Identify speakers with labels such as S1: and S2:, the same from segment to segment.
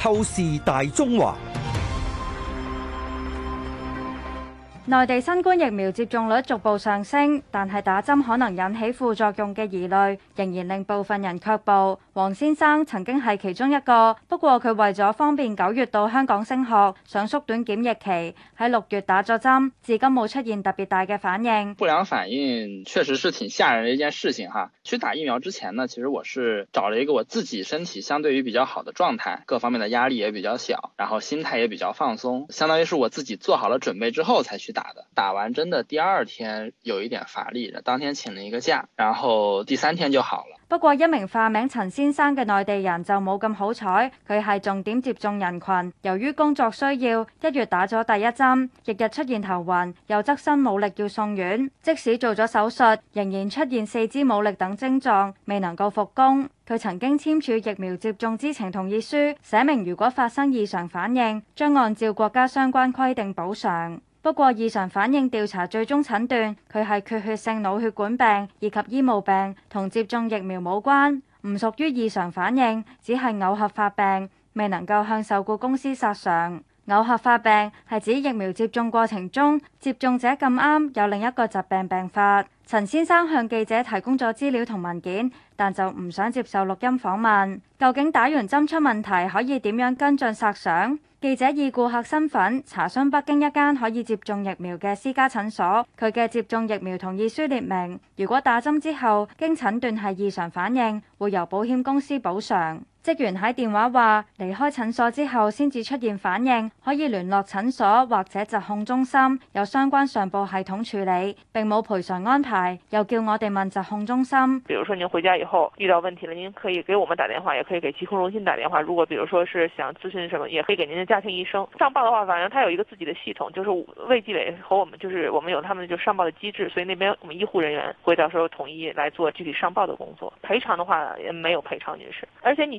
S1: 透視大中華。
S2: 內地新冠疫苗接種率逐步上升，但係打針可能引起副作用嘅疑慮，仍然令部分人卻步。黃先生曾經係其中一個，不過佢為咗方便九月到香港升學，想縮短檢疫期，喺六月打咗針，至今冇出現特別大嘅反應。不良反應
S1: 確實是挺嚇人嘅一件事情哈。去打疫苗之前呢，其實我是找了一個我自己身體相對於比較好的狀態，各方面的壓力也比較小，然後心態也比較放鬆，相當於是我自己做好了準備之後才去打。打完針的第二天有一點乏力，當天請了一個假，然後第三天就好了。
S2: 不過，一名化名陳先生嘅內地人就冇咁好彩，佢係重點接種人群，由於工作需要，一月打咗第一針，日日出現頭暈，又側身冇力，要送院。即使做咗手術，仍然出現四肢冇力等症狀，未能夠復工。佢曾經簽署疫苗接種知情同意書，寫明如果發生異常反應，將按照國家相關規定補償。不過異常反應調查最終診斷佢係缺血性腦血管病，以及醫務病同接種疫苗冇關，唔屬於異常反應，只係偶合發病，未能夠向受雇公司索償。偶合發病係指疫苗接種過程中，接種者咁啱有另一個疾病病發。陳先生向記者提供咗資料同文件，但就唔想接受錄音訪問。究竟打完針出問題可以點樣跟進索償？記者以顧客身份查詢北京一間可以接種疫苗嘅私家診所，佢嘅接種疫苗同意書列明，如果打針之後經診斷係異常反應，會由保險公司補償。職員喺電話話離開診所之後先至出現反應，可以聯絡診所或者疾控中心，有相關上報系統處理，並冇賠償安排。又叫我哋問疾控中心。比如說您
S1: 回家以後遇到問題了，您可以給我們打電話，也可以給疾控中心打電話。如果比如說是想咨詢什麼，也可以給您的家庭醫生上報的話，反正他有一個自己的系統，就是衛計委和我們，就是我們有他們就上報的機制，所以那邊我們醫護人員會到時候統一來做具體上報的工作。賠償的話，沒有賠償，女士，而且你。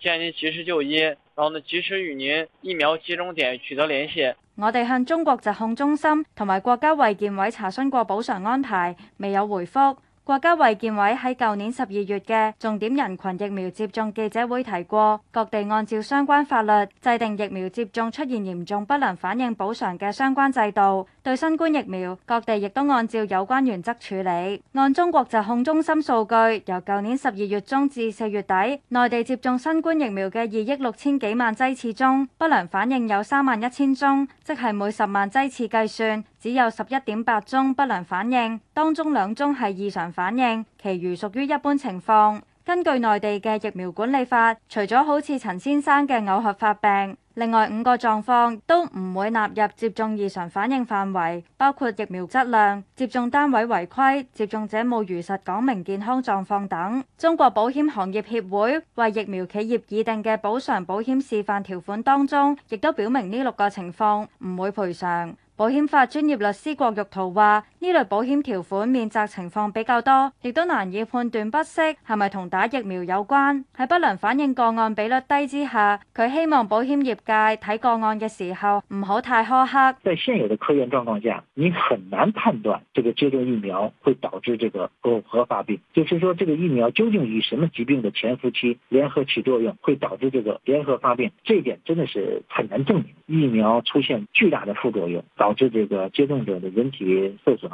S1: 建議您及時就醫，然後呢，及時與您疫苗接種點取得聯繫。
S2: 我哋向中國疾控中心同埋國家衛健委查詢過補償安排，未有回覆。國家衛健委喺舊年十二月嘅重點人群疫苗接種記者會提過，各地按照相關法律制定疫苗接種出現嚴重不良反應補償嘅相關制度。對新冠疫苗，各地亦都按照有關原則處理。按中國疾控中心數據，由舊年十二月中至四月底，內地接種新冠疫苗嘅二億六千幾萬劑次中，不良反應有三萬一千宗，即係每十萬劑次計算，只有十一點八宗不良反應，當中兩宗係異常反應，其餘屬於一般情況。根據內地嘅疫苗管理法，除咗好似陳先生嘅偶合發病，另外五個狀況都唔會納入接種異常反應範圍，包括疫苗質量、接種單位違規、接種者冇如實講明健康狀況等。中國保險行業協會為疫苗企業擬定嘅補償保險示範條款當中，亦都表明呢六個情況唔會賠償。保險法專業律師郭玉濤話。呢類保險條款免責情況比較多，亦都難以判斷不適係咪同打疫苗有關。喺不良反應個案比率低之下，佢希望保險業界睇個案嘅時候唔好太苛刻。
S1: 在現有的科研狀況下，你很難判斷這個接種疫苗會導致這個偶合發病，就是說，這個疫苗究竟與什麼疾病的潛伏期聯合起作用，會導致這個聯合發病，這一點真的是很難證明。疫苗出現巨大的副作用，導致這個接種者的人體受損。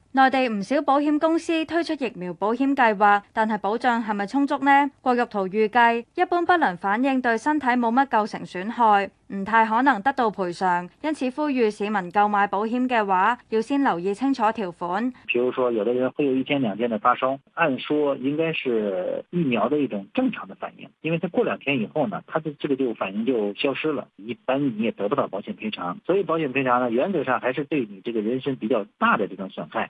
S2: 內地唔少保險公司推出疫苗保險計劃，但係保障係咪充足呢？郭玉圖預計，一般不良反應對身體冇乜構成損害，唔太可能得到賠償，因此呼籲市民購買保險嘅話，要先留意清楚條款。
S1: 譬如說，有的人會有一天、兩天的發燒，按說應該是疫苗的一種正常的反應，因為它過兩天以後呢，它的這個就反應就消失了，一般你也得不到保險賠償，所以保險賠償呢，原則上還是對你這個人身比較大的這種損害。